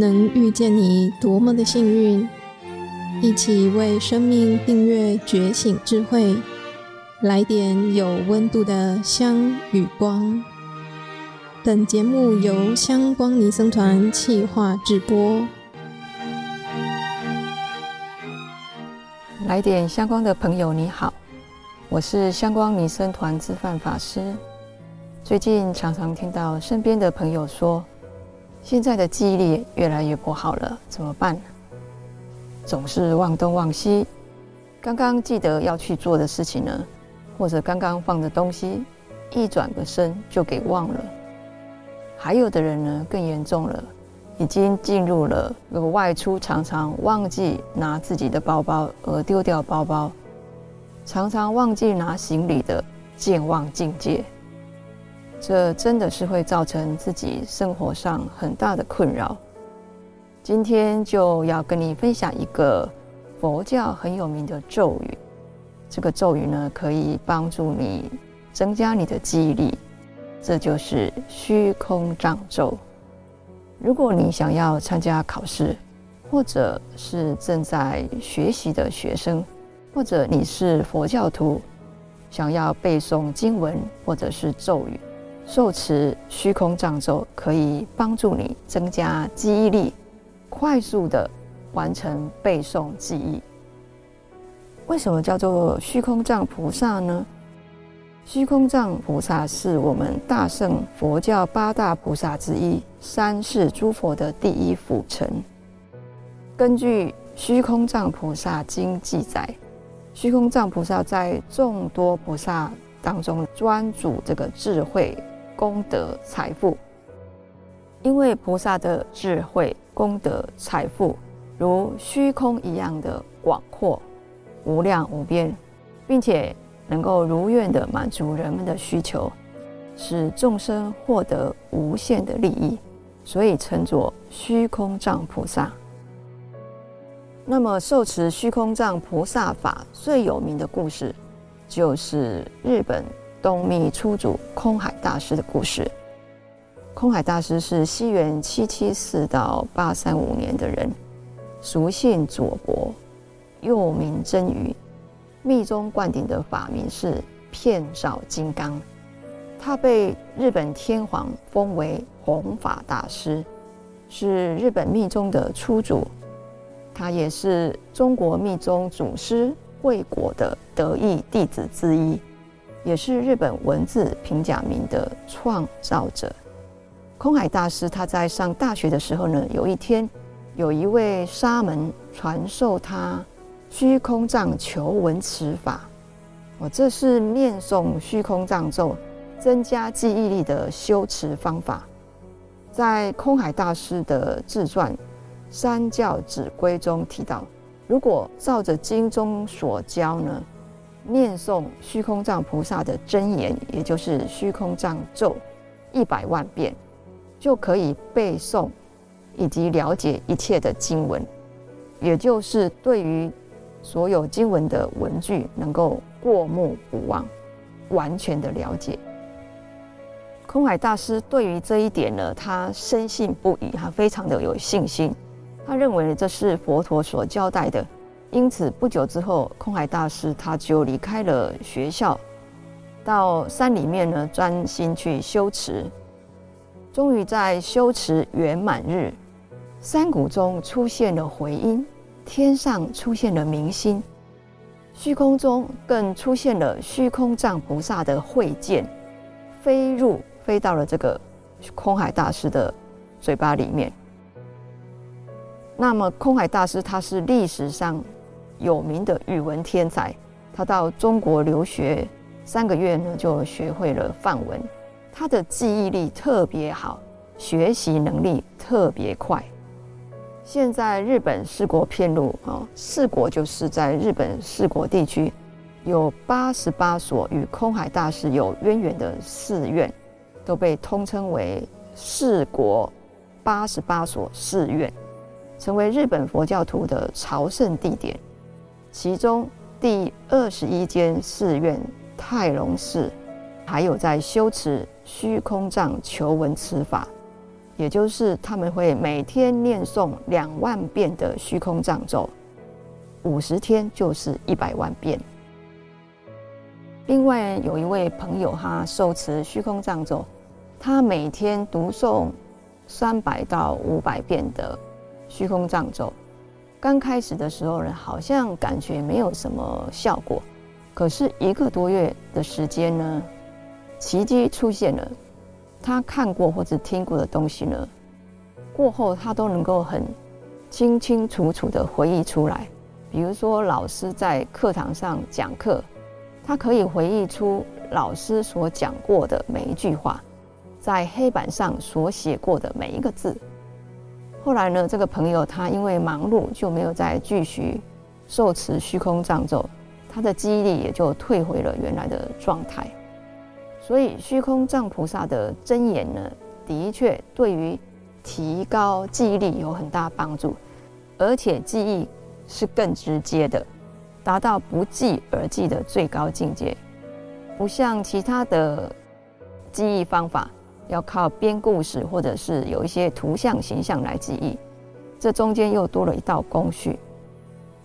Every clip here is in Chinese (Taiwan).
能遇見你多麼的幸運！一起為生命訂閱覺醒智慧，來點有溫度的香與光。本節目由香光尼僧團企劃制播。來點香光的朋友，你好，我是香光尼僧團智範法師。最近常常聽到身邊的朋友說。現在的記憶力越來越不好了，怎麼辦呢？總是忘東忘西，剛剛記得要去做的事情呢，或者剛剛放的東西，一轉個身就給忘了。還有的人呢，更嚴重了，已經進入了如果外出常常忘記拿自己的包包而丟掉包包，常常忘記拿行李的健忘境界。這真的是會造成自己生活上很大的困擾。今天就要跟你分享一個佛教很有名的咒語，這個咒語呢，可以幫助你增加你的記憶力。這就是虛空藏咒。如果你想要參加考試，或者是正在學習的學生，或者你是佛教徒，想要背誦經文或者是咒語。受持虛空藏咒可以幫助你增加記憶力，快速地完成背誦記憶。為什麼叫做虛空藏菩薩呢？虛空藏菩薩是我們大乘佛教八大菩薩之一，三世諸佛的第一輔臣。根據《虛空藏菩薩經》記載，虛空藏菩薩在眾多菩薩當中專主這個智慧。功德財富，因為菩薩的智慧、功德、財富如虛空一樣的廣闊、無量無邊，並且能夠如願的滿足人們的需求，使眾生獲得無限的利益，所以稱作虛空藏菩薩。那麼，受持虛空藏菩薩法最有名的故事，就是日本。東密初祖空海大師的故事。空海大師是西元七七四到八三五年的人，俗姓佐伯，又名真魚，密宗灌頂的法名是遍照金剛。他被日本天皇封為弘法大師，是日本密宗的初祖。他也是中國密宗祖師惠果的得意弟子之一。也是日本文字平假名的創造者，空海大師他在上大學的時候呢，有一天有一位沙門傳授他虛空藏求聞持法。我這是念誦虛空藏咒，增加記憶力的修持方法。在空海大師的自傳《三教指歸》中提到，如果照着經中所教呢，念誦虛空藏菩薩的真言，也就是虛空藏咒一百萬遍，就可以背誦以及了解一切的經文，也就是對於所有經文的文句能夠過目不忘，完全的了解。空海大師對於這一點呢，他深信不疑，他非常的有信心，他認為呢，這是佛陀所交代的。因此，不久之後，空海大師他就離開了學校，到山裡面呢專心去修持。終於在修持圓滿日，山谷中出現了回音，天上出現了明星，虛空中更出現了虛空藏菩薩的慧劍，飛入飛到了這個空海大師的嘴巴裡面。那麼，空海大師他是歷史上。有名的語文天才，他到中國留學三個月呢，就學會了梵文。他的記憶力特別好，學習能力特別快。現在日本四國遍路啊，四國就是在日本四國地區有八十八所與空海大師有淵源的寺院，都被通稱為四國八十八所寺院，成為日本佛教徒的朝聖地點。其中第二十一間寺院泰隆寺，還有在修持虛空藏求聞持法，也就是他們會每天念誦兩萬遍的虛空藏咒，五十天就是一百萬遍。另外有一位朋友，他受持虛空藏咒，他每天讀誦三百到五百遍的虛空藏咒。剛開始的時候呢，好像感覺沒有什麼效果。可是一個多月的時間呢，奇蹟出現了。他看過或者聽過的東西呢，過後他都能夠很清清楚楚的回憶出來。比如說老師在課堂上講課，他可以回憶出老師所講過的每一句話，在黑板上所寫過的每一個字。後來呢，這個朋友他因為忙碌，就沒有再繼續受持虛空藏咒，他的記憶力也就退回了原來的狀態。所以，虛空藏菩薩的真言呢，的確對於提高記憶力有很大幫助，而且記憶是更直接的，達到不記而記的最高境界，不像其他的記憶方法。要靠編故事，或者是有一些圖像形象來記憶，這中間又多了一道工序。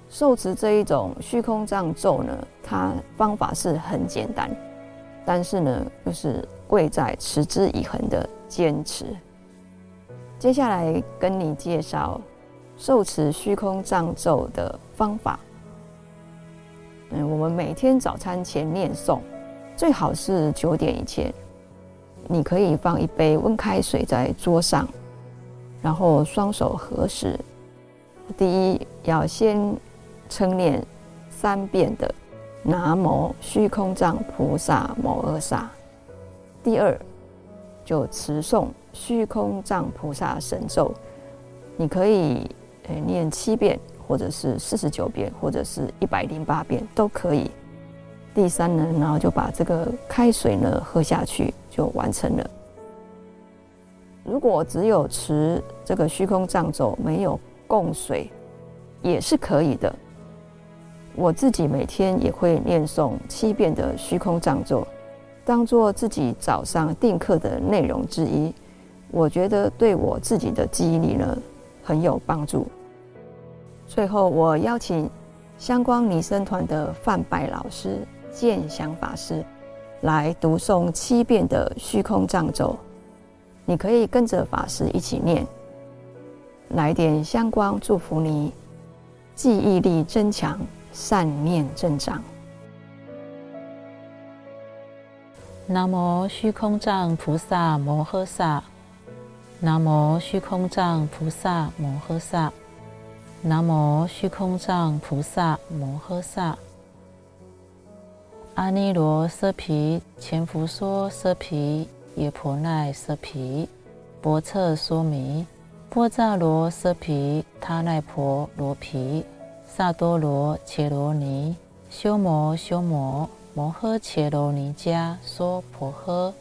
受持這一種虛空藏咒呢，它方法是很簡單，但是呢，就是貴在持之以恆的堅持。接下來跟你介紹受持虛空藏咒的方法。嗯，我們每天早餐前念誦，最好是九點以前。你可以放一杯溫開水在桌上，然後雙手合十。第一要先稱念三遍的“南無虛空藏菩薩摩訶薩”。第二就持誦虛空藏菩薩神咒，你可以誒念七遍，或者是四十九遍，或者是一百零八遍都可以。第三呢，然後就把這個開水呢喝下去，就完成了。如果只有持這個虛空藏咒，沒有供水，也是可以的。我自己每天也會念誦七遍的虛空藏咒，當做自己早上定課的內容之一。我覺得對我自己的記憶力呢很有幫助。最後，我邀請相關尼僧團的范白老師。建祥法師來讀誦七遍的虛空藏咒，你可以跟着法師一起念。來點香光祝福你，記憶力增強，善念增長。南無虛空藏菩薩摩訶薩，南無虛空藏菩薩摩訶薩，南無虛空藏菩薩摩訶薩。阿尼羅奢皮，前佛說奢皮，耶婆奈瑟皮，波徹梭彌波扎羅奢皮，他奈婆羅皮，薩多羅切羅尼修摩修摩摩訶切羅尼迦娑婆訶。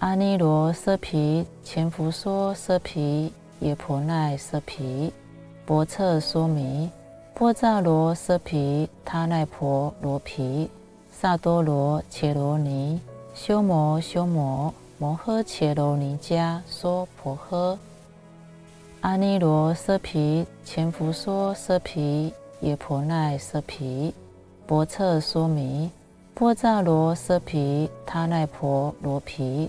阿尼羅奢皮，前佛說奢皮，耶婆奈瑟皮，波徹梭彌波扎羅奢皮，他奈婆羅皮。薩多羅切羅尼修摩修摩摩訶切羅尼迦娑婆訶。阿尼羅奢皮，乾福說奢皮，耶婆奈奢皮，波徹說彌波扎羅奢皮，他奈婆羅皮。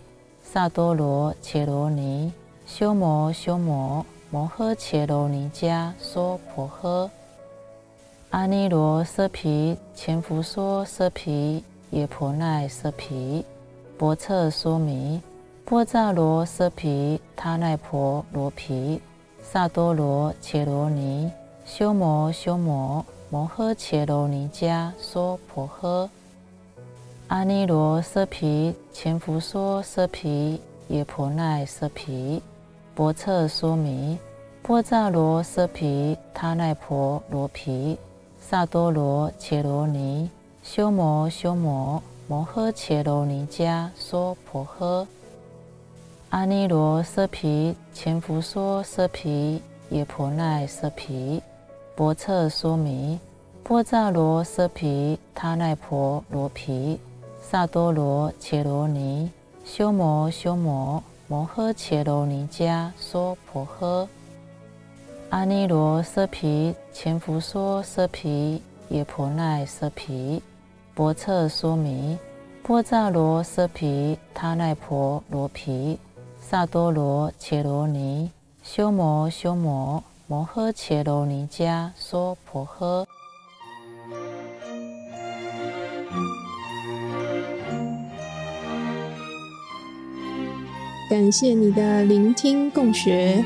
薩多羅切羅尼修摩修摩修摩摩訶切羅尼迦娑婆訶。阿尼羅奢皮，前伏說奢皮，也婆奈奢皮，波徹說彌波扎羅奢皮，他奈婆羅皮。薩多羅切羅尼修摩修摩摩訶切羅尼迦說婆訶。阿尼羅奢皮，前伏說奢皮，也婆奈奢皮，波徹說彌波扎羅奢皮，他奈婆羅皮薩多羅切羅尼修摩修摩摩訶切羅尼迦娑婆訶。阿尼羅奢皮，乾福奢奢皮，耶婆奈奢皮，波徹說彌波扎羅奢皮，他奈婆羅皮。薩多羅切羅尼修摩修摩修摩摩訶切羅尼迦娑婆訶。阿尼羅奢毗，前佛說奢毗，也婆奈奢毗，波徹說彌波扎羅奢毗，他奈婆羅毗。薩多羅切羅尼修摩修摩摩訶切羅尼迦說婆訶。感謝你的聆聽共學。